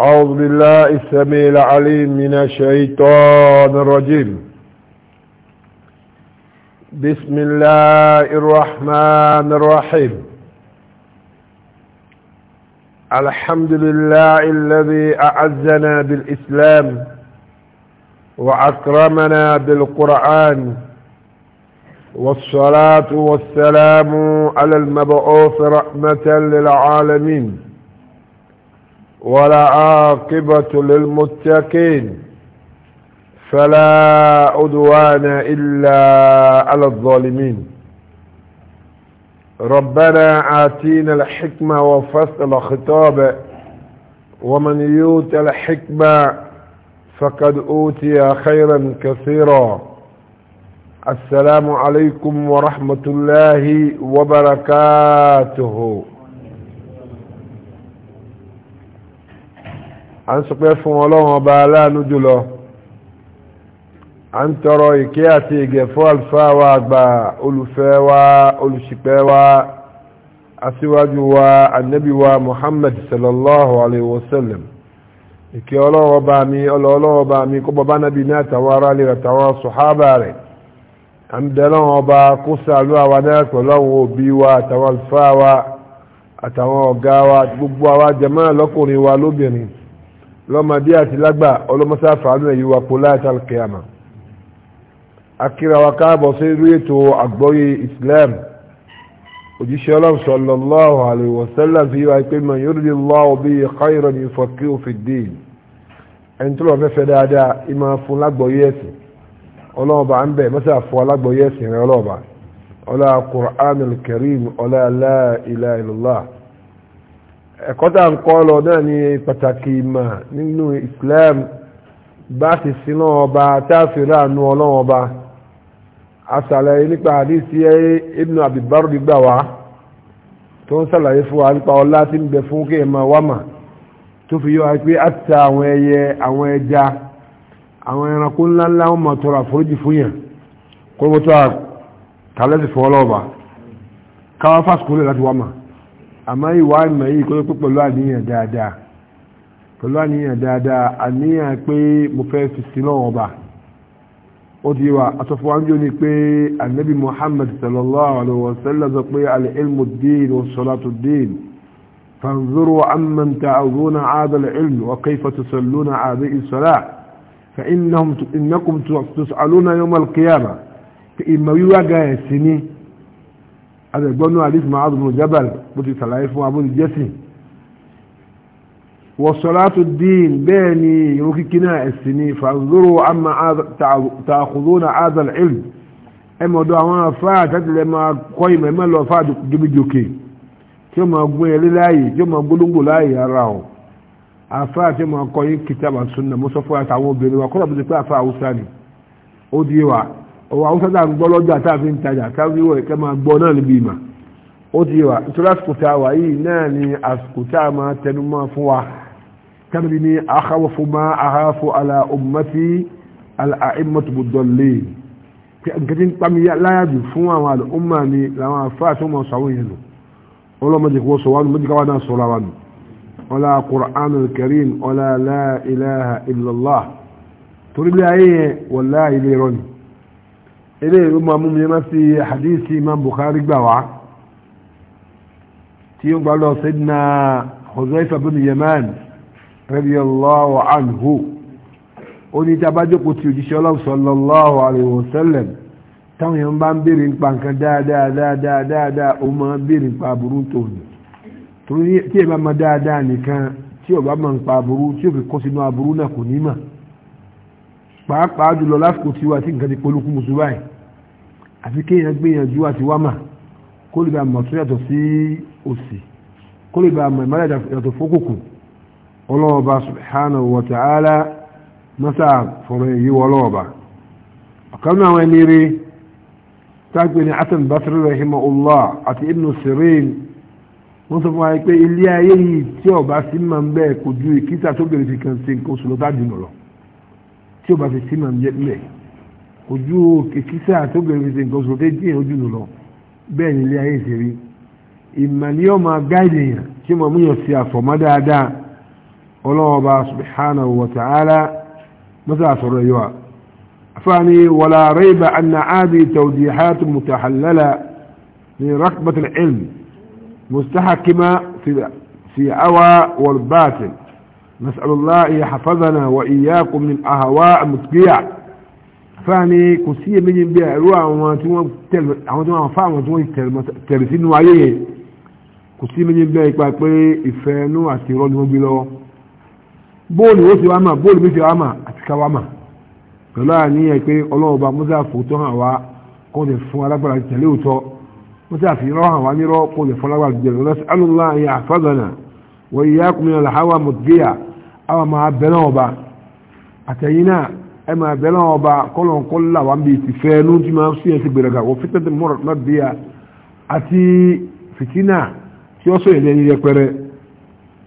أعوذ بالله السميع العليم من الشيطان الرجيم بسم الله الرحمن الرحيم الحمد لله الذي أعزنا بالإسلام وأكرمنا بالقرآن والصلاة والسلام على المبعوث رحمة للعالمين ولا عاقبة للمتقين فلا عدوان إلا على الظالمين ربنا آتينا الحكمة وفصل خطابه ومن يوت الحكمة فقد أوتي خيرا كثيرا السلام عليكم ورحمة الله وبركاته a ń sọpẹ́ fún ọlọ́run ọba aláàánú jùlọ a ń tọrọ ìkẹ́ àti ìgẹ̀ fún àlùfáà wa àgbà olùfẹ́ wa olùṣìpẹ̀ wa aṣíwájú wa annabi wa muhammad sallallahu alaihi wasallam ìkẹ́ ọlọ́run ọba mi ọlọ́run ọba mi kó bàbá nàbí ní àtàwọn ará lè àtàwọn sọ̀hábà rẹ̀ a ń bẹ ọba kó sàlú àwọn náà pẹ̀lú òbí wa àtàwọn àlùfáà wa àtàwọn ọ̀gá wa gbogbo àwa jàmáà lọ́kùnrin wa lóbìnrin lọ́mọdé àti lágbà ọlọ́mọsá fàánú ẹ̀yí wa kó láti alkiyama akíra wa káàbọ̀ sí irú ètò àgbọ́yé islam òjíṣẹ́ ọlọ́run sallallahu alaihi wasallam fi wá pé man yuridillahu bihi khayran yufaqqihu fid din ẹni tó lọ fẹ́fẹ́ dáadáa ìmọ̀ fún lágbọ́yé ẹ̀sìn ọlọ́ọ̀bà ń bẹ̀ mọ́sá fún alágbọ́yé ẹ̀sìn rẹ̀ ọlọ́ọ̀bà ọlá qur'anul karim ọlá la ilaha illallah ẹ̀kọ́ tá à ń kọ́ lọ náà ni pàtàkì ìmọ̀ nínú Islam bá ti siná ọba tá a fi ráàánú ọlọ́wọ́n ọba asàlẹ̀ nípa àdísí Ibn Abi Bardi gbà wá tó ń sàlàyé fún wa nípa ọlá tí ń bẹ fún kí ẹ̀ máa wá mà tó fi yọ wá pé àtà àwọn ẹyẹ àwọn ẹja àwọn ẹranko ńláńlá wọn máa tọrọ àforíjì fún yàn kó wọ́n tó àkàlẹ́sì fún ọlọ́ọ̀bà káwọn fásitì láti wá mà àmọ́ ìwà ìmọ̀ yìí kó pé pẹ̀lú àníyàn dáadáa pẹ̀lú àníyàn dáadáa àníyàn pé mo fẹ́ fi sí náà ọba ó ti wà àtọ́fọ́ wájú ni pé anabi muhammad sallallahu alayhi wa sallam sọ pé al-ilmu din wa salatu din فانظروا عمن تعظون هذا العلم وكيف تصلون هذه الصلاة فإنهم إنكم تسألون يوم القيامة فإما يوجد سنين àtẹ̀gbọ́nú àdìsí Mu'adh bin Jabal bó ti sàlàyé fún abúlé jẹ́sìn wọ̀sọ̀látù dín bẹ́ẹ̀ ni irú kíkí náà ẹ̀sìn ni fàzúrò àmà tààkùzónà azal ilm ẹ mọ̀dọ̀ àwọn afáà tàtìlẹ̀ máa kọ́ ìmọ̀ ẹ̀mọ́ lọ fáà jùmíjòkè tí ó máa gún ẹlé láàyè tí ó máa gbólóńgbò láàyè ara ọ̀ afáà tí ó máa kọ́ yín kìtàbà súnà mọ́sọ́fọ́ àtàwọn obìnrin wa kọ́lá ọwọ́ àwọn sọ́dà ń gbọ́ lọ́jọ́ àtàfi ń tajà káwíwọ̀ ẹ̀kẹ́ máa gbọ́ náà níbi ìmọ̀ ó ti wà nítorí àsìkò tá a wà yìí náà ni àsìkò tá a máa tẹnu mọ́ fún wa kábìrì ní akhawfu ma akhafu ala ummati al-a'immatu ad-dallin nǹkan tí fún àwọn àlùmọ́ ni làwọn afáàtì wọn sọ àwọn èèyàn nù ọlọ́mọdé kò sọ wọn mọ́jú káwọn náà sọ̀rọ̀ wọn ọlá Qur'anul Karim ọlá la ilaha illallah torí lé ayé yẹn wọ́n láàyè lè eléyìí ló máa mú mi má sí hadithi imam bukhari gbà wá tí ó gbà lọ sayyidina Huzaifa bin Yaman radiyallahu anhu ó ní tí a bá jókòó ti òjíṣẹ́ ọlọ́run sallallahu alayhi wa sallam táwọn èèyàn bá ń béèrè nípa nǹkan dáadáa dáadáa dáadáa ó máa ń béèrè nípa aburú tòun torí tí èèyàn máa dáadáa nìkan tí ò bá máa ń aburú tí ò fi kọ́ sínú aburú náà kò ní mà pàápàá jùlọ lásìkò tiwa tí nǹkan ti polúkú mùsùlùmí báyìí àfi kéèyàn gbìyànjú àti wámà kó lè bá mọ̀ yàtọ̀ sí òsì kó lè bá mọ̀ yàtọ̀ fókùnkùn ọlọ́ọ̀ba subhanahu wa ta'ala mọ́sá fọ̀rọ̀ èyí ọlọ́ọ̀ba ọ̀kan náà wọn nire tágbé ní hasan basri rahimahullah àti ibn sirin wọ́n sọ fún wa pé ilé ayé yìí tí ọba sí máa bẹ́ẹ̀ kò ju ìkíta tó bèrè fi kan sí nǹkan oṣù lọ́tà jùlọ ojú kíkísẹ́ àtọ́gbẹ̀rẹ̀ fi ṣe nǹkan sọ tẹ́ díẹ̀ ojú lọ bẹ́ẹ̀ ni ilé ayé ṣe rí ìmọ̀ ni ó máa gáìdì yàn tí mo múyàn sí àfọ̀mọ́ dáadáa ọlọ́ọba subhanahu wa ta'ala mọ́sá àsọ̀rọ̀ yìí wa afáàní wàlá rẹ́ibà anna áàdì tawdihat mutahallala ní rakbat al-ilm mustahakima fi awa wal batil nas'alullah ya hafazana wa iyyakum min ahawa mutqiya fáàní kò sí èméjì ń bẹ ẹ̀rọ àwọn tí wọ́n tẹ̀lé àwọn tí wọ́n fa àwọn tí wọ́n tẹ̀lé sínú ayé yẹn kò sí èméjì ń bẹ ipa pé ìfẹ́ inú àti irọ́ ni wọ́n gbé lọ́wọ́ bóòlù ó ti wá mà bóòlù mi ti wá mà àti ká wá mà pẹ̀lú àníyàn pé ọlọ́run ọba musa fòótọ́ hàn wá kó lè fún alágbára tẹ̀lé òótọ́ musa fi rọ́ hàn wá nírọ́ kó lè fún alágbára tẹ̀lé òótọ́ alùlá ayé àfàgànà wọ́n yíyá kùnmí ọ̀là ẹ máa bẹ̀rẹ̀ náà ọba kọ́lọ̀ kọ́lá wa ń bi ìfẹ́ ẹnu tí máa ń sún ẹsẹ̀ gbèrè kàwọ́ fitẹ́tẹ̀ mọ́rọ̀ náà bí a àti fìtínà tí ó sọ èdè ẹni yẹpẹrẹ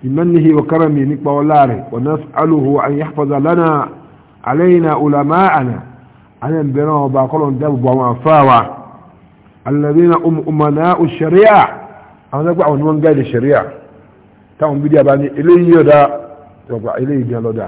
ìmánìhì ọ̀kára mi nípa ọlá rẹ̀ ọ̀nà alùhù àyàfọ̀dà lánà àlẹ́yìnà ọ̀làmá àná àlẹ́ ń bẹ̀rẹ̀ ọba kọ́lọ̀ ń dábòbò àwọn afáwa alẹ́bí na ọmọnà òṣèrìà àwọn ẹgbẹ́ àwọn ni wọ́n ń gáìdì ṣẹ̀ríà táwọn bídí àbá ní eléyìí yọ̀dá tọ́gbà eléyìí gan lọ́dà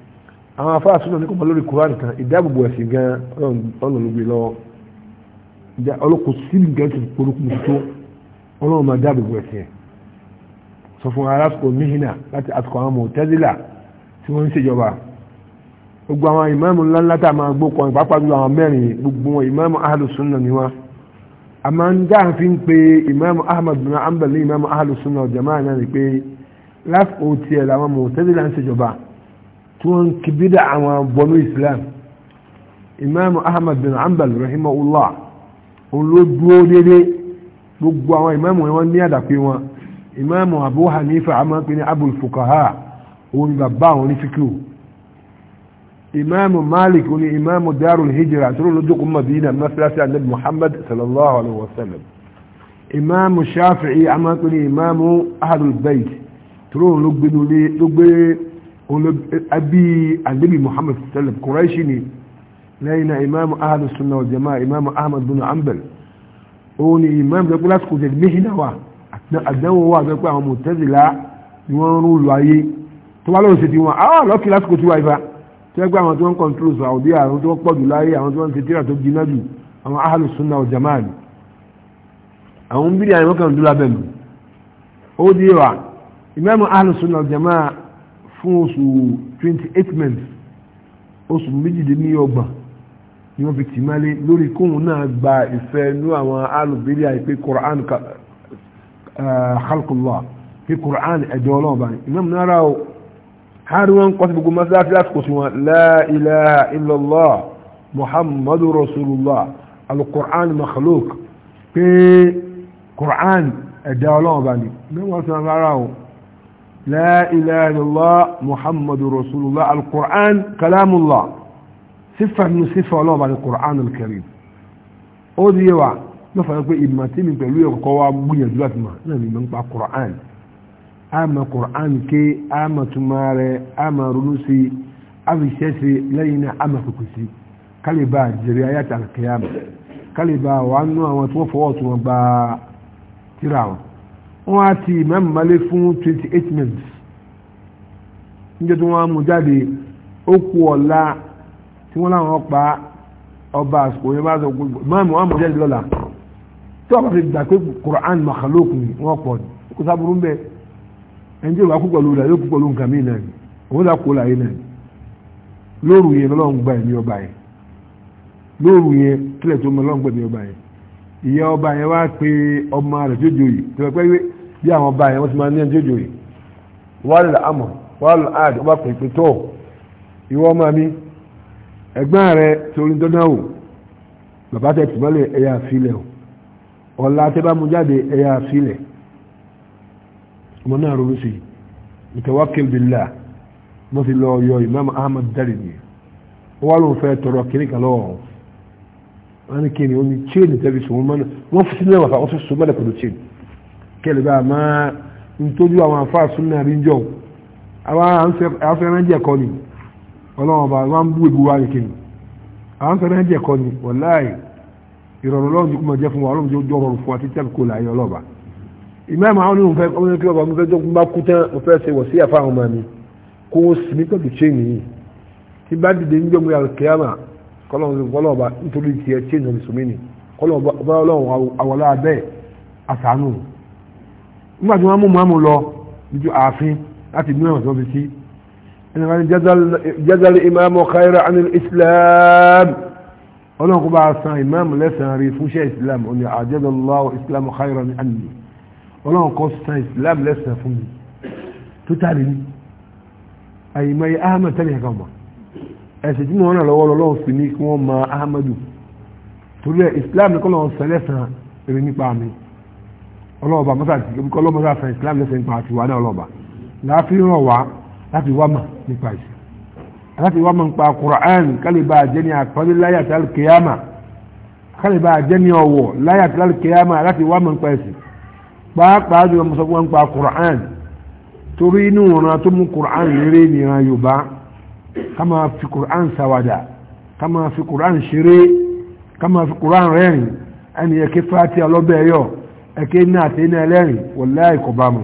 àwọn afá àtúnṣe ní kọ́mọ lórí Kùránì kan ìdáàbòbò ẹ̀sìn gan ọlọ́lùgbé lọ́wọ́ ìjà ọlọ́kùn síbi gan ti polúkú tó ọlọ́run máa dáàbòbò ẹ̀sìn ẹ̀ sọ fún arásìkò mihina láti àsìkò àwọn Mu'tazila tí wọ́n ń ṣèjọba gbogbo àwọn ìmáàmù ńláńlá tá a máa gbó kọrin pàápàá jùlọ àwọn mẹ́rin gbogbo wọn ìmáàmù ahlu sunna ni wọn a máa ń dáhùn fi ń pe ìmáàmù Ahmad bin Hanbal ìmáàmù ahlu sunna jama'a náà ni pé láti òtí ẹ̀ làwọn Mu'tazila ń ṣèjọba tí wọ́n ń kí bídà àwọn bọ̀nú islam imam ahmad bin hanbal rahimahullah òun ló dúró dédé gbogbo àwọn imam wọn wọ́n ní àdàpé wọn imam abu hanifa a máa ń pè ní abul fukaha òun ni bàbá àwọn onífíkìlù imam malik òun ni imam darul hijra tó ló jókòó madina masalasi anabi muhammad sallallahu alaihi wa sallam imam shafi'i a máa ń pè ní imam ahadul bayt tó ló gbé abi annabi muhammad sallam quraishi ne lẹ́yìn imam ahlu sunna wa jama'a imam ahmad bin ambal ó ní imam da kula sukuje mihina wa àdánwò wa fẹ́ pé àwọn mọ̀tẹ́zìlá ni wọ́n rún lu ayé tó wá lọ́wọ́ sí ti wọn ah lọ́kì lásìkò tí wà ifá tó ẹgbẹ́ àwọn tí wọ́n kọ̀ntúrò sọ àwọn àwọn tí wọ́n pọ̀ jù láyé àwọn tí wọ́n ti tíra tó jiná jù àwọn ahlu sunna wa jama'a ni àwọn bídí àwọn kan dúró abẹ́lu ó di wa imam ahlu sunna wa jama'a fún oṣù twenty eight months oṣù méjìdínlọ́gbọ̀n ni wọ́n fi tì máa lé lórí kóhun náà gba ìfẹ́ inú àwọn alùbílẹ̀ àìpé Qur'an khalqullah pé Qur'an ẹ̀dọ́ ọlọ́ọ̀bá ni imam nara o hari wọn kọ́ sí gbogbo masáàtì láti kò sí wọn la ilaha illallah muhammadu rasulullah alukur'an makhluk pé Qur'an ẹ̀dọ́ ọlọ́ọ̀bá ni mẹ́wàá sọ rárá o لا إله إلا الله محمد رسول الله القرآن كلام الله صفة من صفة الله بعد القرآن الكريم أودي وع نفعل كوي إما تيمي بلوية وقوى بني جلات ما نبي من بقى أما القرآن كي أما تماري أما رنوسي أما شاسي لينا أما فكسي كالبا جريايات القيامة كالبا وعنوا وتوفوا وتوفوا تراوه wọ́n á ti Imam fún twenty eight minutes níjẹ́ tí wọ́n á mú jáde ó kú ọ̀la tí wọ́n láwọn pa ọba àsìkò yẹn bá sọ pé máàmù wọn á mú jáde lọ́la tí wọ́n bá ti gbà pé Quran makhluk ni wọ́n pọ̀ kó sábúrú bẹ́ẹ̀ ẹni tí ó bá kú pẹ̀lú rẹ̀ yóò kú pẹ̀lú nǹkan mìíràn ni òun là kó láyé náà lóru yẹn lọ́lọ́run gba ẹ̀mí ọba yẹn lóru yẹn kílẹ̀ tó mọ lọ́run gba ẹ̀mí ọba yẹn ìyá ọba yẹn wá pé ọmọ rẹ̀ tó joyè tó pẹ́ bí àwọn báyìí wọ́n ti máa ní ẹjọ́ ìjòyè wàhálà àmọ̀ wàhálà àdì wọ́n bá pè pé tó ìwọ ọmọ mi ẹ̀gbọ́n rẹ torí dọ́nà o bàbá tẹ tìmọ́lẹ̀ ẹ̀yà àfilẹ̀ o ọ̀la tẹ bá mu jáde ẹ̀yà àfilẹ̀ ọmọ náà ronú sí mutawakkil billah mo ti lọ yọ Imam Ahmad Darimi wọ́n ló fẹ́ tọrọ kìnnìkan lọ́wọ́ wọn ni kìnnìkan ó ní tẹ́bi sùn wọn fún sílẹ̀ wà fún àwọn sùn mọ́lẹ̀ pẹ̀lú chain kẹlẹ̀bá àmọ́ nítorí àwọn àfáà súnmọ́ rí jọ àwọn afẹ́rẹ́jẹ̀ kọ́ ni ọlọ́run ọba wọn bú ebu wa nìkan àwọn afẹ́rẹ́jẹ̀ kọ́ ni wọláì ìrọ̀rùn ọlọ́run ti kú mọ̀ jẹ́ fún wa ọlọ́run ti jọ rọrùn fún wa títí àbíkó láyé ọlọ́ba ìmáàmù àwọn onímọ̀ fẹ́ ọmọ kí ọba mo fẹ́ jọ bá kú tán mo fẹ́ ṣe wọ̀ sí àfáà ọmọ mi kó o sì ní pẹ̀lú chain yìí tí bá dìde ń gbẹ̀mú yàrá kẹ́yàmà kọ́lọ́run nítorí tiẹ̀ chain ọ̀mùsùnmí ni kọ́lọ́run ọlọ́run àwọlá abẹ́ àtàánù nígbà tí wọ́n mú mọ́mú lọ níjú ààfin láti mú ẹ̀wọ̀n tó fi sí ẹni kan ní jazal imaamu khayra anil islam ọlọ́run kó bá a san imaamu lẹ́sàn-án rí fúnṣẹ́ islam ọ̀nà àjẹdọ̀lọ́wọ́ islam khayra ní àná ọlọ́run kó san islam lẹ́sàn-án fún mi tó tàbí ní àyìnbá yìí ahmed tẹ́lẹ̀ kan mọ̀ ẹ̀sìn tí wọ́n rà lọ́wọ́ lọ́wọ́ fi ní kí wọ́n mọ ahmedu torí ẹ̀ islam ní kọ́ lọ́wọ́ sẹ́lẹ̀ sàn rí nípa mi ọlọ́ọ̀bà mọ́sá fẹ́ islam lẹ́sẹ̀ nípa àti wà ní ọlọ́ọ̀bà láti ràn wá láti wá mà nípa ìsìn láti wá mà nípa Qur'an kálíbà jẹ́ ní àpọ́nlé láyà tí alkiyama kálíbà jẹ́ ní ọ̀wọ̀ láyà tí alkiyama láti wá mà nípa ìsìn pàápàá jùlọ mọ́sá fún wa nípa Qur'an torí inú ìran tó mú Qur'an rere ní ìran Yorùbá ká máa fi Qur'an ṣàwàdà ká máa fi Qur'an ṣeré ká máa fi Qur'an rẹ́rìn ẹnìyẹn kí fàtí ọlọ́bẹ̀ yọ̀ ẹ̀kẹ́ náà àti iná ẹlẹ́rìn wọ̀láì kò bá mu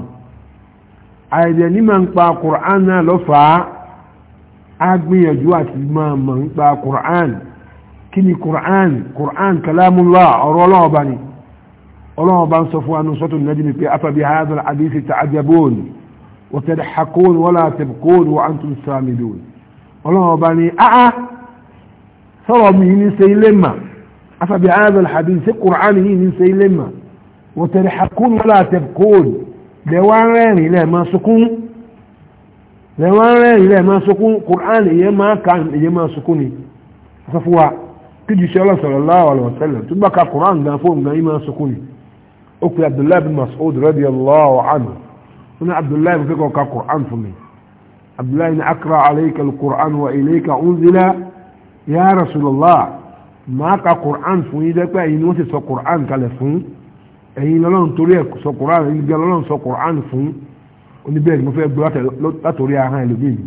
àìdẹ̀ ní máa ń pa Qur'an náà ló fà á á gbìyànjú àti máa mọ̀ ń pa Qur'an kí ni Qur'an Qur'an kalamullah ọ̀rọ̀ ọlọ́ọ̀ba ni ọlọ́ọ̀ba ń sọ fún anú sọ́tún náà jìnnì pé afabi hadhal hadithi ta'jabun wa tadhakun wala tabkun wa antum samidun ọlọ́ọ̀ba ni áá sọ̀rọ̀ mi ní sẹ́yìn lẹ́mà afabi hadhal hadith sí yìí ní sẹ́yìn lẹ́mà وتضحكون ولا تبكون لوان رين لا ما سكون لوان رين لا ما سكون قران يما كان يما سكوني ففوا تجي صلى الله عليه وسلم تبقى قران ده فوق يما سكوني أكل عبد الله بن مسعود رضي الله عنه هنا عبد الله بن قرآن فمي عبد الله إن أقرأ عليك القرآن وإليك أنزل يا رسول الله ما قرآن فمي ده إن وتس القرآن كالفون ẹ̀yin lọ́lọ́run torí ẹ̀ sọ Qur'an ẹ̀yin gbé lọ́lọ́run sọ Qur'an fún oníbẹ̀rẹ̀ mo fẹ́ gbọ́ látòrí ahọ́n ẹlòmíì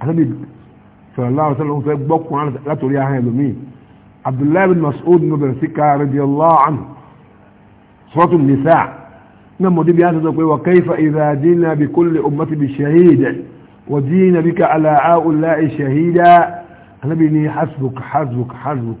àtàbí sallallahu alaihi wasallam fẹ́ gbọ́ Qur'an látòrí ahọ́n ẹlòmíì Abdullahi bin Mas'ud ní obìnrin síka radiyallahu anhu Suratul Nisa náà mo débi àti sọ pé wa kayfa idha jina bi kulli ummati bi shahid wa jina bika ala ha'ula'i shahida àtàbí ní hasbuk hasbuk hasbuk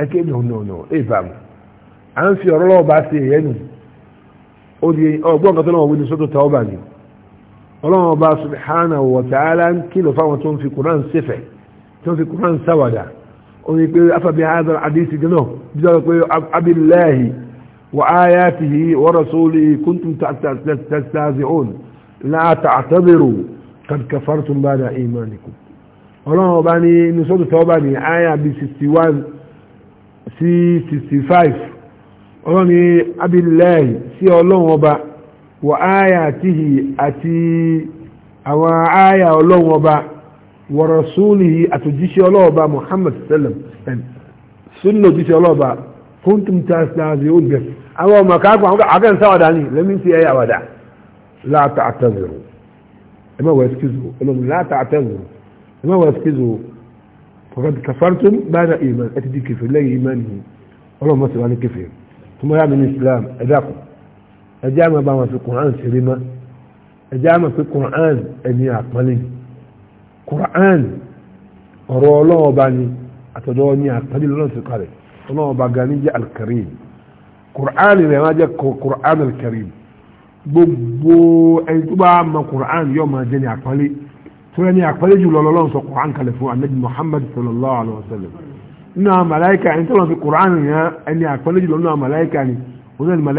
ẹkẹ no no no ẹ fà mí à ń fi ọ̀rọ̀ lọ́wọ́ bá ṣe ẹ̀yẹ́ nù ó di ọgbọ́n kan tó náà wí ní sọ́tò tàwọn bá ní ọlọ́wọ́ bá subhanahu wa ta'ala ń kìlọ̀ fáwọn tó ń fi Qur'an ṣẹ̀fẹ̀ tó ń fi Qur'an ṣàwàdà ó ní pé afabi hadha hadith gan náà bí wọ́n pé abillahi wa ayatihi wa rasulihi kuntum tastazi'un la ta'tabiru qad kafartum ba'da imanikum ọlọ́wọ́ bá ní ní sọ́tò tàwọn bá ní àyà bíi sixty sí 65 five ni abillahi sí ọlọ́run ọba wà áyà tìhì àti àwọn áyà ọlọ́run ọba wà rasulihi àtòjíṣẹ́ muhammad sallam sunna òjíṣẹ́ ọlọ́run ọba kuntum tàṣàṣì àwọn ọmọ káàkó àwọn akẹ́kọ̀ọ́ sáwàdà ni lẹ́mí sí ẹ̀yà wàdà láta àtẹ̀wò ẹ̀ má wọ ẹ̀skízù فقد كفرتم بعد إيمان أتدي كفر لا إيمانه والله ما سوى كفر ثم يا من الإسلام أداكم أجامع بما في القرآن سليما أجامع في القرآن أني أقبلين قرآن ọ̀rọ̀ ọlọ́wọ́ bá ní àtọ̀dọ́ ní àtàdé lọ́nà sí kárẹ̀ ọlọ́wọ́ bá ga ní jẹ́ alkarim qur'an rẹ̀ máa jẹ́ qur'an alkarim gbogbo ẹni tó bá ma qur'an yóò máa jẹ́ ní àpálẹ́ tura ni àpẹẹrẹ jù lọ lọ́lọ́run sọ kùrán kalẹ̀ fún anabi muhammad sallallahu alaihi wa sallam nínú àwọn màláìka ẹni tọ́lọ́ fi kùrán yẹn ẹni àpẹẹrẹ jù lọ nínú àwọn màláìka ni wọ́n sọ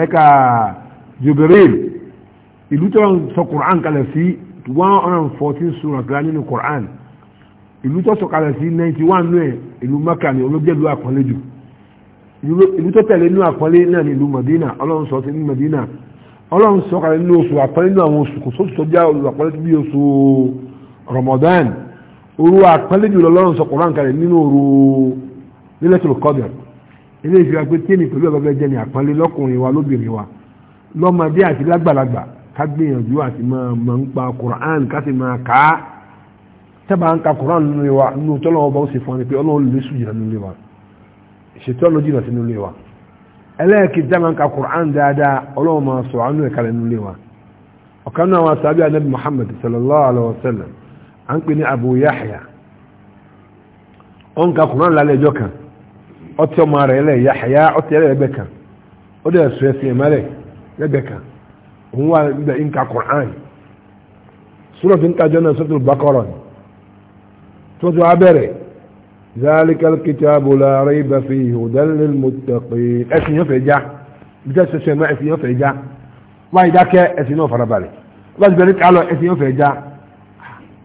jibril ìlú tọ́lọ́ sọ kùrán kalẹ̀ sí one sura kan nínú kùrán ìlú tó sọ kalẹ̀ sí ninety one nù ẹ̀ ìlú maka ni olóògbé ìlú àpẹẹrẹ jù ìlú tó tẹ̀lé nínú àpẹẹrẹ ni ìlú madina ọlọ́run sọ sí ní madina ọlọ́run sọ kalẹ̀ nínú oṣù àpẹẹrẹ nínú àwọn oṣù kò sóṣù tó já oṣù àpẹẹrẹ bí oṣù Ramadan òru àpẹẹlẹ jùlọ lọ́rùn sọ Quran kalẹ̀ nínú òru Lailatul Qadr ilé ìfira pé tí èmi pẹ̀lú ọ̀gá bẹ́ẹ̀ jẹ́ ni àpẹẹlẹ lọ́kùnrin wa lóbìnrin wa lọ́mọdé àti lágbàlagbà ká gbìyànjú àti máa máa ń pa Quran ká sì máa kà á tẹ́bà ń ka Quran nínú wa nínú tọ́lọ́ ọba ó sì fún wa ni pé ọlọ́run lè sùn jìnnà nínú wa ṣètò ọ̀nà jìnnà sínú wa ẹlẹ́ẹ̀kì tẹ́bà ń ka Quran dáadáa ọlọ́run máa sọ àánú ẹ̀ka lẹ́nu ilé wa ọ̀kan náà wọn sábẹ́ anabi Muhammad sallallahu alayhi wa sallam à ń pè ní Abu Yahya ó ń ka kùnà lálẹ́ ẹjọ́ kan ọtí ọmọ rẹ̀ lẹ̀ Yahya ọtí ẹlẹ́ ẹgbẹ́ kan ó dẹ̀ sọ ẹsẹ̀ ẹ̀mẹ́rẹ̀ ẹgbẹ́ kan òun wà níbẹ̀ ń ka Qur'an sọ́dọ̀ tí ń tajọ́ náà sọ́dọ̀ Baqarah ni tó tó abẹ́rẹ̀ zalikal kitabu la rayba fihi hudan lil muttaqin ẹ̀sìn yóò fẹ́ já bí tẹ́ sẹ́sẹ́ mọ́ ẹ̀sìn yóò fẹ́ já wáyé dákẹ́ ẹ̀sìn náà farabalẹ̀ wáyé dákẹ́ ẹ̀sìn yóò fẹ́ já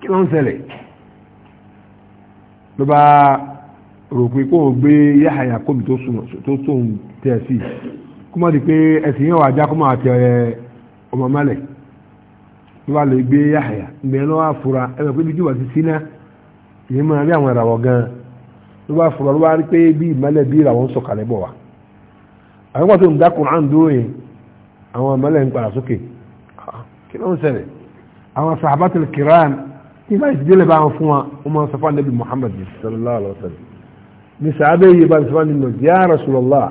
kí ló ń ṣẹlẹ̀ ló bá rò pé kó o gbé Yahaya kóbi tó sóhun tẹ̀ sí kó má di pé ẹ̀sìn yẹn wà já kó má tẹ ọmọ mọ́lẹ̀ ló bá lè gbé Yahaya ìgbẹ́ ló wá fura ẹ̀rọ pé bíjú wà sí síná ìyẹn máa rí àwọn ìràwọ̀ gan-an ló bá fura ló bá rí pé bí ìmọ́lẹ̀ bí ìràwọ̀ ń sọ̀kalẹ̀ bọ̀ wá àwọn kan tó ń dá dúró yẹn àwọn ń padà sókè kí ló ń àwọn ìbá ìdílé bá ń fún wa wọn máa sọ fún anabi muhammad sallallahu alaihi wa sallam ní sàábẹ́ yìí bá ń sọ fún anabi muhammad ya rasulallah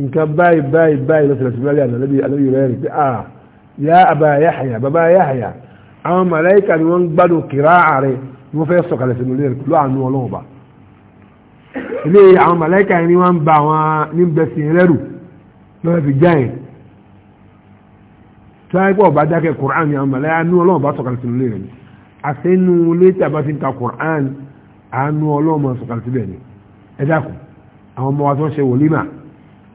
nǹkan báyìí báyìí báyìí lọ́sọ̀rọ̀ sí mẹ́lẹ́ àná lẹ́bi alẹ́ yìí rẹ̀ pé ah ya aba yahya baba yahya àwọn màláìka ni wọ́n ń gbádùn kìrá ààrẹ ni wọ́n fẹ́ sọ̀kalẹ̀ sínú ilé rẹ̀ pẹ̀lú àánú ọlọ́run ba ilé àwọn màláìka ni wọ́n ń ba àwọn níbẹ̀sìn rẹ́rù lọ́wọ́ fi jáyìn tí wọ́n á dákẹ́ kùrán ni àwọn màláìka ni ọlọ́run ba sọ̀kalẹ̀ sínú ilé rẹ̀ àsẹ́nu létí àbáfi ń ta Qur'an àánú ọlọ́mọ sọ̀kalẹ̀ síbẹ̀ ni ẹ dákun àwọn ọmọ wa tó ṣe wòlímà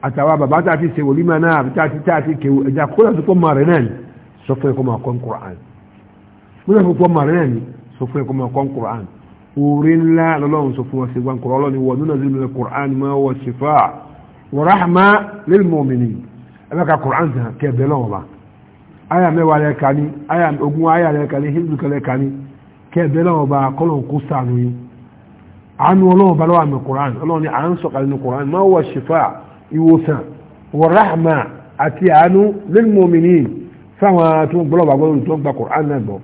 àtàwọn bàbá tá a ti ṣe wòlímà náà àbí tá a ti tá a ti kéwò ẹja kó lọ́sọ̀ pọ̀ màrẹ̀ náà ni sọ fún ẹ̀kọ́ máa kọ́ Qur'an mo lọ́sọ̀ pọ̀ màrẹ̀ náà ni sọ fún ẹ̀kọ́ máa kọ́ Qur'an orí ńlá lọ́lọ́run sọ fún wa ṣe wọn kọ́ ọlọ́ni wọ nínú ìlú Qur'an máa wọ ṣèfà wọ rahma lil mu'minin ẹ bá ka Qur'an sàn kẹ́ bẹ́ẹ̀ lọ́wọ́ bá aya mẹ́wàá lẹ́ẹ̀ka ni aya ogun aya lẹ́ẹ̀ka ni hindu kẹ́lẹ́ẹ̀ka ni kẹ́ẹ̀bẹ́ lọ́wọ́ bá kọ́lọ̀n kó sàánú yín àánú ọlọ́wọ́ bá lọ́wọ́ àmì koran ọlọ́wọ́ ni à ń sọ̀kalẹ̀ ní koran máa wọ ṣìfà ìwòsàn wọ rahma àti àánú lẹ́numọ́mìnì sáwọn tó ń gbọ́lọ́ba gbọ́dọ̀ tó ń gba koran náà gbọ́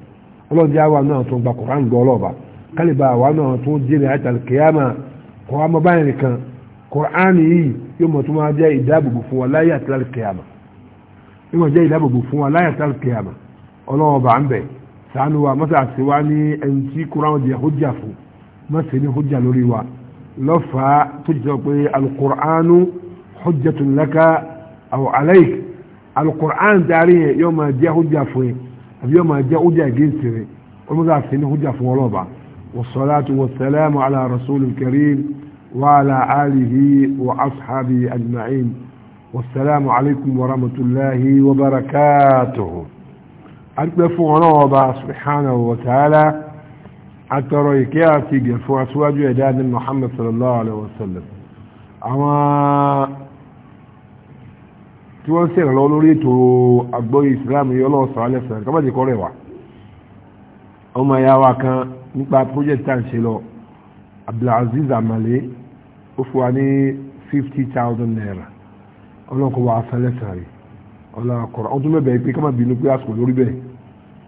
ọlọ́wọ́ di àwa náà tó ń gba koran gbọ́ ọlọ́ba kálíbà àwa náà tó ń jẹ́rìí àtàlù kìyàmà kọ́ ọmọ báyìí nìkan koran yìí yóò mọ̀ tó máa jẹ́ ìdáàbòbò fún wa láyé àtàlù kìyàmà yóò mọ̀ jẹ́ ìdáàbòbò fún wa láyé àtàlù kìyàmà ọlọ́wọ́ bá ń bẹ̀ẹ́ sànù wa mọ́sá àti wa ní ẹni tí kuran di hujja fún mọ́sá ní hujja lórí wa lọ́fà tó jẹ́ pé alukur'anu hujjatun laka aw alayk alukur'an darí yẹn yóò máa jẹ́ hujja fún yẹn àbí yóò máa jẹ́ hujja gẹ̀ẹ́sì rẹ̀ mọ́sá àti ní hujja fún ọlọ́ba والصلاة والسلام على رسول الكريم وعلى آله وأصحابه أجمعين والسلام عليكم ورحمة الله وبركاته adúpẹ́ fún ọlọ́run ọba subhanahu wa ta'ala atọrọ ìkẹ́ àti ìgẹ̀ fún aṣíwájú ẹ̀dá ní muhammad sallallahu alaihi wasallam àwọn tí wọ́n sì rànlọ́ lórí ètò àgbóyè islam yìí ọlọ́run sọ̀rọ̀ alẹ́ sọ̀rọ̀ kọ́mọ̀dé kọ́rẹ̀ wà ọmọ ìyá wa kan nípa project tá à ń ṣe lọ abdulaziz amale ó fún wa ní fifty thousand naira ọlọ́run wa afẹ́lẹ́sàn rẹ̀ ọlá kọ̀ọ̀rọ̀ ọdún mẹ́bẹ̀ pé kọ́mà bínú pé àsìkò lórí bẹ́ẹ̀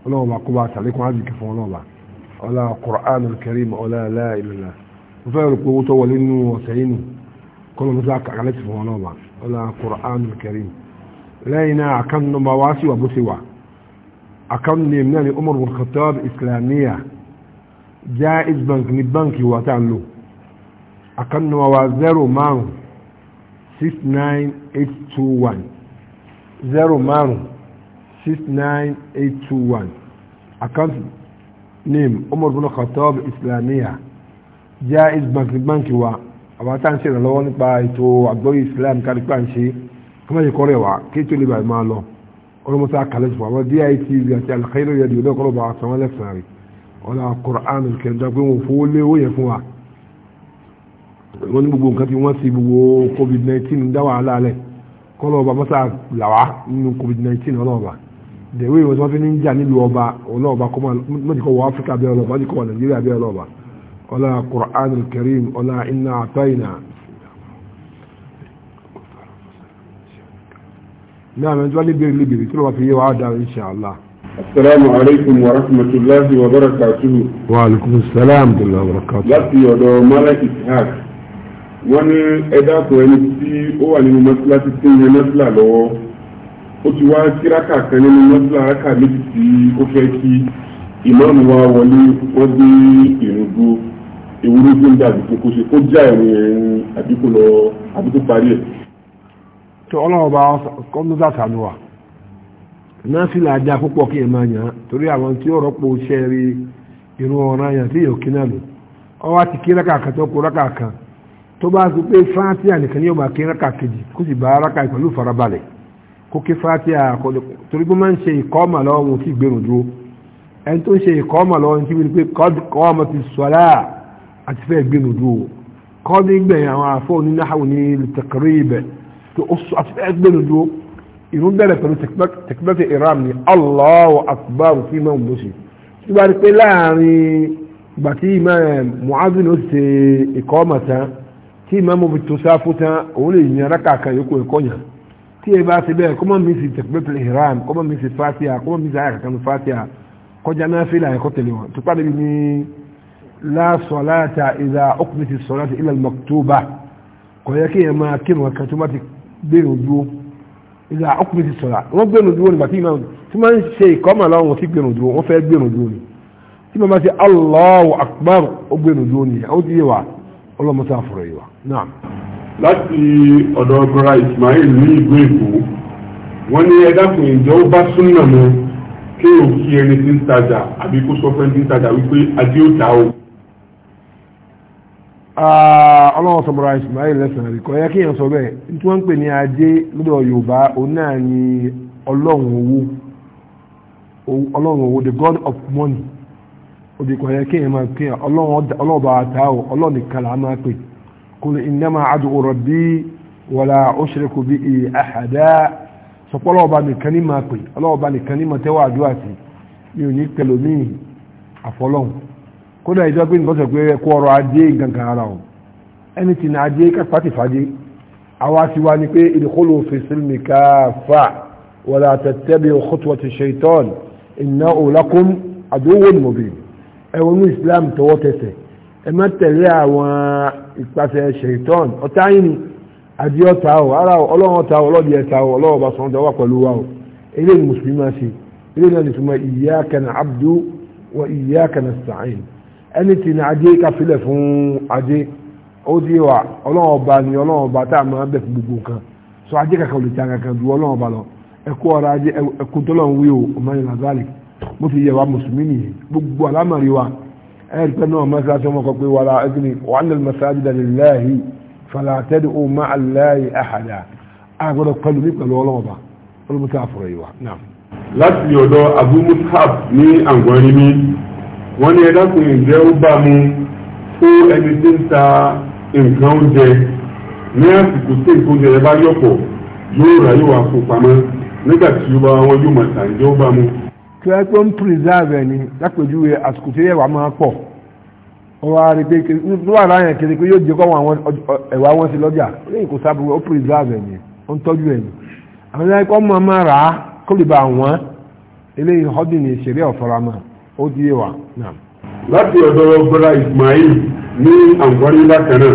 ọlọ́wọ́ bá kó bá sàlékún àzìkì fún ọlọ́wọ́ bá ọlá Qur'an al-Karim ọlá la ilaha mo fẹ́ rò pé owó tó wọlé nínú ọ̀sẹ̀ yìí nù kọ́mà mo sá kàkálẹ̀ sí fún ọlọ́wọ́ bá ọlá Qur'an al-Karim lẹ́yìn náà àkàn nọmba wá sí wà bó ṣe wà àkàn six nine eight two one zero márùn six nine eight two one account name umar bin khatab Islamia. jaiz bank bank wa àwọn tá à ń ṣe ìrànlọ́wọ́ nípa ètò àgbọ́yé islam kárí pé à ń ṣe kọ́mọ̀jì kọ́rẹ́ wa kí tó lè bàá máa lọ ọlọ́mọta kàlẹ́ fún àwọn ditv àti alkhairu yẹ dìbò lọ́kọ́rọ́ bá sọ wọ́n lẹ́sàn rẹ̀ ọ̀la quran kẹrìndà pé wọ́n fowó lé owó yẹn fún wa wọ́n ní gbogbo nǹkan tí wọ́n ti gbogbo covid nineteen dá wàhálà lẹ̀ kọ́lọ̀ ọba mọ́sá làwá nínú covid-19 ọlọ́ọ̀ba dẹ̀wé ìwọ̀n tí wọ́n fi ní jà nílùú ọba ọlọ́ọ̀ba kọ́mọ mọ́jìkọ́ wọ áfíríkà bẹ́ẹ̀ ọlọ́ọ̀ba mọ́jìkọ́ wọ nàìjíríà bẹ́ẹ̀ ọlọ́ọ̀ba ọlá qur'an karim ọlá iná àtọ́yìnà náà mẹ́jọ wá níbi ìlú bìrì tí wọ́n fi yé wa dá insha Allah. asalaamu alaykum wa rahmatulahi wa barakatuhu. wa alaykum salaam wa barakatuhu. láti ọ̀dọ̀ malik ishaq wọ́n ní ẹ̀dàkùn ẹni tí ó wà nínú mọ́sílá ti tí ń yẹ mọ́sílá lọ́wọ́ ó ti wá kíráka kan nínú mọ́sílá ráka méjì tí ó fẹ́ kí ìmáàmù wa wọlé wọ́n gbé ìrúgbó ìwúrí tó ń dàbí kókó ṣe kó já ìrìn ẹ̀rin àdínkù lọ àdínkù parí ẹ̀. tó ọlọ́run bá kọ́ ló dà sànù wa náfìlà ajá púpọ̀ kí ẹ máa yàn án torí àwọn tí ó rọ́pò iṣẹ́ rí irun ọ̀ràn yàn tí yóò kí náà lò ọ wá ti kí rákà kan tó kó rákà kan tó bá fi pé fátíà nìkan ní ọba kí rákà kejì kó sì bá rákà pẹ̀lú farabalẹ̀ kó kí fátíà kọlẹ̀kọ̀ torí bí máa ń ṣe ìkọ́mà lọ́wọ́ wọn tí gbèrò dúró ẹni tó ń ṣe ìkọ́mà lọ́wọ́ tí wọ́n pé kọ́ọ̀mà ti sọ́lá àti fẹ́ gbèrò dúró kọ́ọ̀dé gbẹ̀yìn àwọn afọ́ onínáhàwò ní taqrib tó àti fẹ́ gbèrò dúró ìrun bẹ̀rẹ̀ pẹ̀lú takbirati ihram ni Allahu akbar tí máa ń bó ṣe tí wọ́n rí pé láàrin gbàtí ìmáàmù mu'adhin ó tán tí ìmáàmù bi tó sáfù tán òun lè yan rákà kan yòókù ẹ̀kọ́ yàn tí ẹ bá ṣe bẹ́ẹ̀ kọ́mọ́ mi sì tẹ̀pẹ́pẹ́lẹ̀ hiram kọ́mọ́ mi sì fàtíà kọ́mọ́ mi sì àyàkàkà mi fàtíà kọjá náà fílà ẹ̀kọ́ tẹ̀lé wọn tó pàdé ní lásọ̀láta ìdá ọkùnrin ti sọ̀rọ̀ àti ilẹ̀ mọ̀tóbà kò yẹ kí ẹ máa kírun ẹ̀kan tó bá ti gbẹ̀rù dúró ìdá ọkùnrin ti sọ̀rọ̀ wọ́n gbẹ̀rù dúró nígbà tí máa ń ṣe ìkọ́mà láwọn tí gbẹ̀rù dúró wọ́n fẹ́ gbẹ̀rù dúró ni tí máa ma ṣe Allahu Akbar ó gbẹ̀rù dúró ni ó ti yé wa ọlọ́mọta àfọ̀rọ̀ yìí wa náà. láti ọ̀dọ̀ ọgọ́ra Ismail ní ìlú Èkó wọ́n ní ẹ dákun ìjọ ó bá súnà mọ́ kí o kí ẹni tí ń tajà àbí kó sọ fẹ́ni tí ń tajà wípé adé ó ta o. ọlọ́wọ́ sọ̀rọ̀ Ismail lẹ́sàn-án rí kọ́ ẹ kí èèyàn sọ bẹ́ẹ̀ tí wọ́n ń pè ní ajé lọ́dọ̀ Yorùbá òun náà ni ọlọ́run owó ọlọ́run owó the god of money òdì kò yẹ kéèyàn máa pè é ọlọ́ọ̀bà àtàwọ̀ ọlọ́ọ̀nìkan là máa pè kul innama ad'u rabbi wala ushriku bihi ahada sọpọ́ ọlọ́ọ̀bà nìkan ní máa pè ọlọ́ọ̀bà nìkan ní máa tẹ́wọ́ àdúrà sí mi ò ní pẹ̀lú mi àfọlọ́hùn kódà ìjọ pé nǹkan sọ pé ẹkọ ọrọ̀ adé gangan ara o ẹni tí na adé kápátì fàdé àwa ti wá ní pé ìdíkọlù òfìsìl mi ẹwọ ní islam tọwọ́ tẹsẹ̀ ẹ má tẹ̀lé àwọn ìpàṣẹ ṣèitán ọ̀tá yín ni àdí ọ̀tá o ara ọlọ́run ọ̀tá o ọlọ́dí ẹ̀ta o ọlọ́run bá sọ̀rọ̀ wà pẹ̀lú wa o eré ni mùsùlùmí máa ṣe eré náà ni tuma iyyaka na'budu wa iyyaka nasta'in ẹni tí ní adé káfílẹ̀ fún adé ó ti wà ọlọ́run ọba ni ọlọ́run ọba tá a máa bẹ̀ fún gbogbo nǹkan sọ adé kankan ò lè ta kankan ju ọlọ́run ọba lọ ẹ̀kú ọ̀rọ̀ adé ẹ̀kú tọ́lọ́run wí o ọmọ yẹn làzálì mo fi yẹ wa mùsùlùmí nìyẹn gbogbo alámàrí wa ẹ̀rí pẹ́ náà mọ́sálásí wọn kọ pé wàlá ẹgbẹ́ wa anna al-masajida lillahi fala tad'u ma'a Allahi ahada àgbọ̀dọ̀ pẹ̀lú ní pẹ̀lú ọlọ́mọba olùmọ̀tà àfọ̀rọ̀ yìí wa náà. láti ọ̀dọ̀ Abu Mus'ab ní àgbọ̀nrín mi wọ́n ní ẹ̀dá kùn ìjẹ́ ó bá mu fún ẹni tí ń ta nǹkan oúnjẹ ní àsìkò tí nǹkan oúnjẹ rẹ bá yọ̀pọ̀ yóò ráyè wà fún pamọ́ nígbà tí ó bá wọn yóò mọ̀ tó yẹ pé ń preserve ẹni lápèjúwe àsìkò tí ẹwà máa pọ̀ wọ́n wá rí pé tó wà láyàn kiri pé yóò jẹ́ kọ́ àwọn ẹ̀wà wọn sí lọ́jà lẹ́yìn kò sábúrú ó preserve ẹni ó ń tọ́jú ẹni àwọn ẹ̀yà ikọ́ máa máa rà á kó lè bá wọn eléyìí họ́dìn ní ìṣeré ọ̀fọ́ramọ́ ó di ẹwà náà. láti ọ̀dọ̀ bọ́lá Ismail ní àǹfààní bákan náà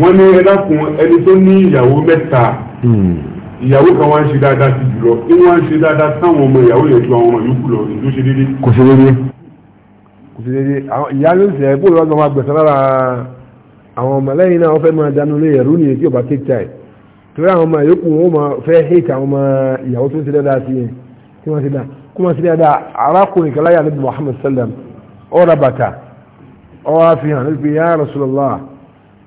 wọ́n ní ẹlẹ́kùn ẹni tó ní ìyàwó mẹ́ta hmm ìyàwó kan wá ń ṣe dáadáa sí jùlọ tí wọ́n ń ṣe dáadáa táwọn ọmọ ìyàwó yẹn ju àwọn ọmọ yòókù lọ èyí tó ṣe déédéé. kò ṣe déédéé kò ṣe déédéé àwọn ìyá ló ń sẹ ẹ bóyá wọn máa gbẹ̀sẹ̀ lára àwọn ọmọ lẹ́yìn náà wọ́n fẹ́ máa dánú lé ẹ̀rú nìyẹn tí ò bá take time torí àwọn ọmọ yòókù wọn máa fẹ́ hate àwọn ọmọ ìyàwó tó ń ṣe dáadáa sí yẹn tí wọ́n ṣe dáa kó máa ṣe dáadáa arákùnrin kan láyà níbi Muhammad sallam ọ̀rọ̀ bàtà ọ̀rọ̀ àfihàn níbi ya Rasulullah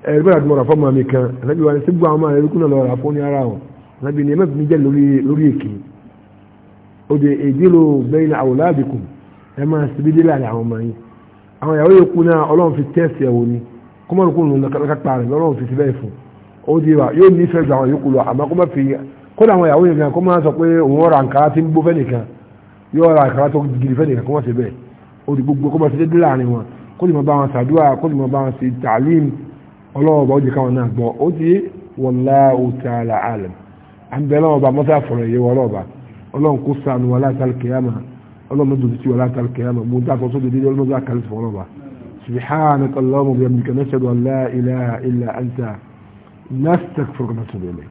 ẹ̀rí bẹ́ẹ̀ àti mọ̀ràn fọ́ọ̀mù àmì kan ẹ̀rẹ́bí wa ní sígbà àwọn ọmọ ẹ̀rí kúnlẹ̀ lọ́ra fún ní ara wọn nàbí ni ẹ mẹ́fì mi jẹ́ lórí èké ó de èdèlò bẹ́yìn àwòládìkùn ẹ máa síbi dé láàrin àwọn ọmọ yín àwọn ìyàwó yòókù náà ọlọ́run fi tẹ́ẹ̀sì ẹ̀wò ni kọ́mọ̀lùkù lòun lákàtà rẹ̀ ọlọ́run fi ti bẹ́ẹ̀ fún ó di wa yóò nífẹ̀ẹ́ ju àwọn yòókù lọ àmọ́ kọ́mọ̀ fi kódà àwọn ìyàwó yẹn kan kọ́mọ̀ sọ pé òun ọ̀rọ̀ àǹkárá ti ń gbó fẹ́nìkan yóò ra àǹkárá tó gidi fẹ́nìkan kọ́mọ̀ sí bẹ́ẹ̀ ó di gbogbo kọ́mọ̀ sí dé láàrin wọn kó lè mọ bá wọn sàdúrà kó lè mọ bá wọn sí tàlím ọlọ́wọ́ bá ó di káwọn náà gbọ́ ó ti ta'ala alam عند الله وبعد ما تفعله يوالوبا الله انقصة عن ولاة الكيامة الله مدلتي ولاة الكيامة مدلت وصول جديد الله مدلت كالف وربا سبحانك الله وبيملك نشهد أن لا إله إلا أنت نستكفر نسب إليك